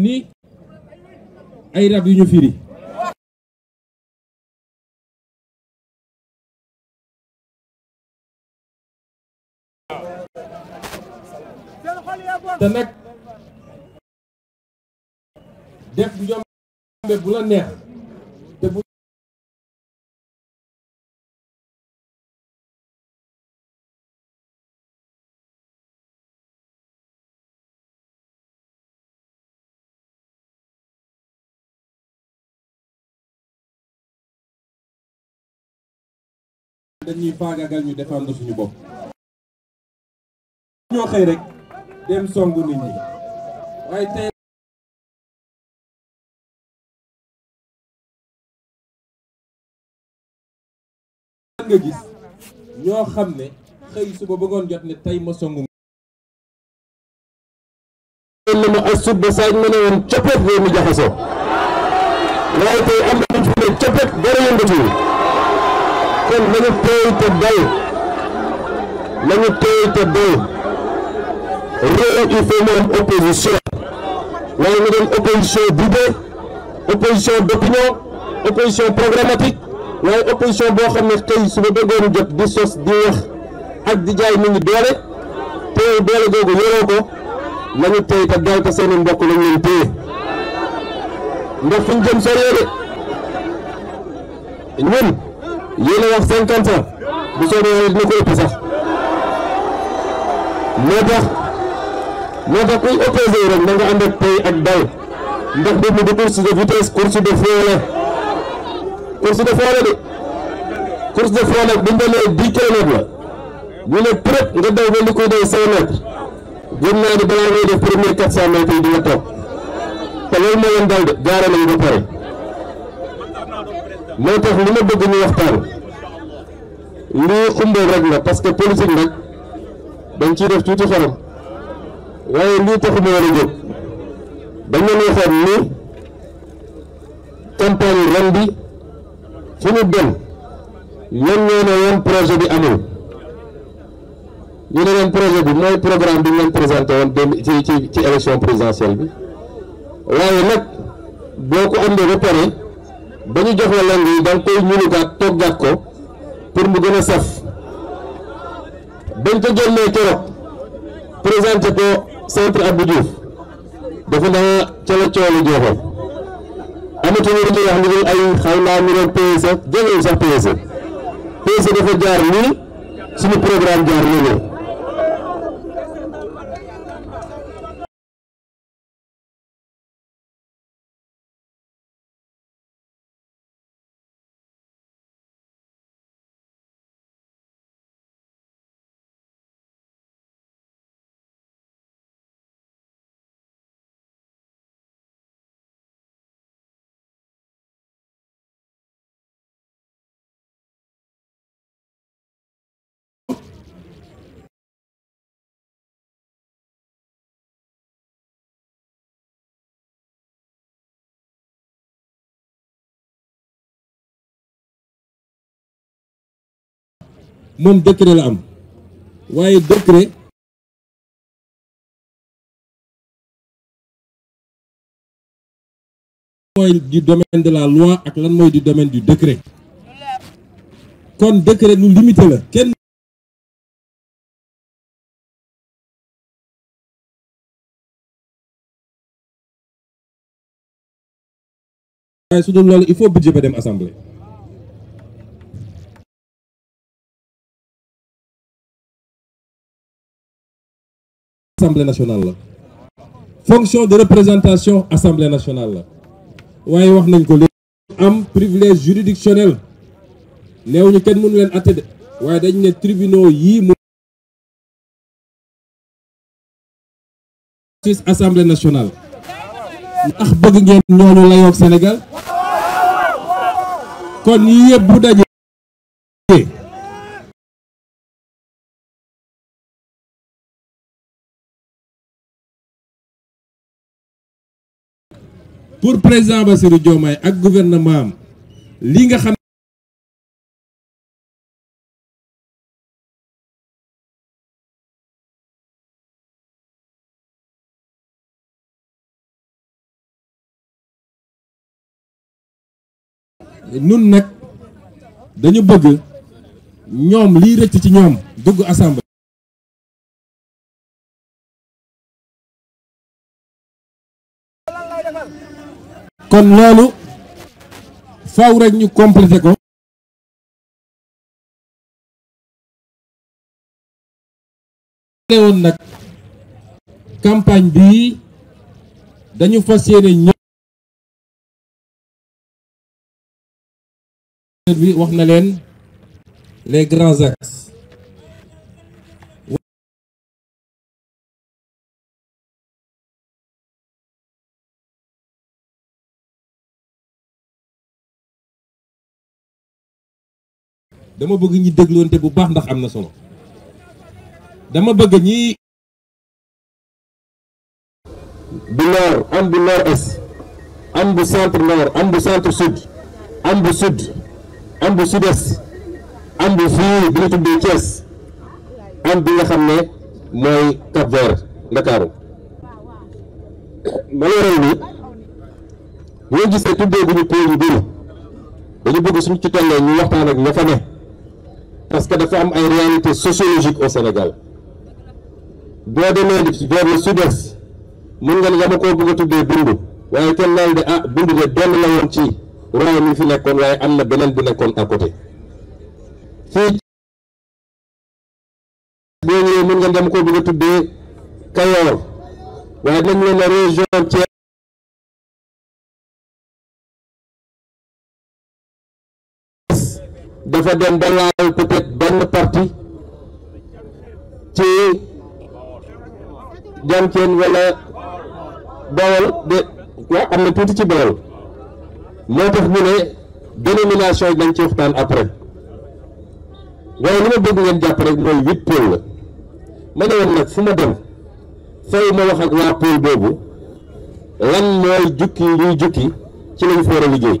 ni ay rab yu ñu firi te nag def njombe bu la neex dañuy faagaagal ñu défendre suñu bopp. ñoo xëy rek dem songu nit ñi waaye tey nga gis ñoo xam ne xëy suba bëggoon jot ne tey ma songu na ma as waaye tey am na ñu fi ne coppet dara yëngatuwul kon réew opposition opposition opposition d'opinion opposition programmatique waaye opposition boo xam ne su ma déggoon jot di sos di wax ak di jaay nit ñi doole te doole googu yoroo ko nañu te te mbokk lañ ndax ñu jëm yéen a wax cinquante bu soobee yàlla dina ko ëpp sax moo tax moo tax kuy opposé rek na nga ànd ak ak dal ndax du course de vitesse course de fond la course de fond la de course de fond nag bu ñu demee dix kilomètres la bu ne daw ba li koy daw cent mètres gëm naa ni balaa premier quatre cent mètres di nga toog te loolu moo leen dal de jaare nañu ba pare. moo tax li ma bëgg ñu waxtaan lii xumboo rek la parce que politique nag dañ ciy def tuuti xorom waaye lii taxu ma war a jóg dañ leen waxoon ni campagne ren bi fu ñu dem yéen ñoo ne bi amul ñu ne leen projet bi mooy programme bi ñu leen présenté woon dem ci ci ci élection présidentielle bi waaye nag boo ko andee ba pare dañu ñu jox la lang yi da nga koy ñunugaat toggaat ko pour mu gën a saf dañ ko génnee keroog présenté ko centre Abdou Diouf dafa naa ah, ca la coolu jeexoon amatuñu lu ñuy wax ni ay xaw naa ñu doon PSE jëlewul sax PSE PSE dafa jaar nii suñu programme jaar nii moom décret la am waaye décret mooy du domaine de la loi ak lan mooy du domaine du décret kon décret lu limité la kenn waaye loolu il faut budget ba dem assemblée assemblée nationale la fonction de représentation assemblée nationale la waaye wax nañ ko am privilège juridictionnel néew ñu kenn mënu leen atte de waaye dañ ne tribunaux yii mu justice assemblée nationale ndax bëgg ngeen ñooñu layoog Sénégal kon yii yëpp bu pour président Bassirou Diomaye ak gouvernement am li nga xam nun nag dañu bëgg ñoom liy rëcc ci ñoom dugg assemblée kon loolu faw rekk ñu complété ko nag campagne bi dañu fas yéene bi wax na leen les grands axes dama bëgg ñi dégloonte bu baax ndax am na solo dama bëgg ñi bu nord am bu nord est am bu centre nord am bu centre sud am bu sud am bu sud am bu fii bi ñu tuddee Thiès am bi nga xam ne mooy Cap Vert Ndakaaru ma waral ni gisee tuddee bu ñu pôle yu dañu bëgg suñu ci tollee ñu waxtaan ak ña fa ne parce que dafa am ay réalité sociologique au Sénégal boo demee vers le sud-est mun nga ne dama koo bëgg a tuddee Bundu waaye kenn naan de ah Bundu de benn la woon ci royaume mi fi nekkoon waaye am na beneen bu nekkoon à côté fii boo ñëwee mun nga ne dama koo bëgg a tuddee Kayoor waaye dañ leen a région ci. dafa dem ba laal peut-être benn parti ci jànkeen wala bawol de waaw am na tuuti ci bawol moo tax mu ne dénomination yi dañ ci waxtaan après waaye li ma bëgg ngeen jàpp rek mooy huit pôle la ma ne woon nag fu ma dem fay ma wax ak waa pôle boobu lan mooy jukki luy jukki ci lañ fa war a liggéey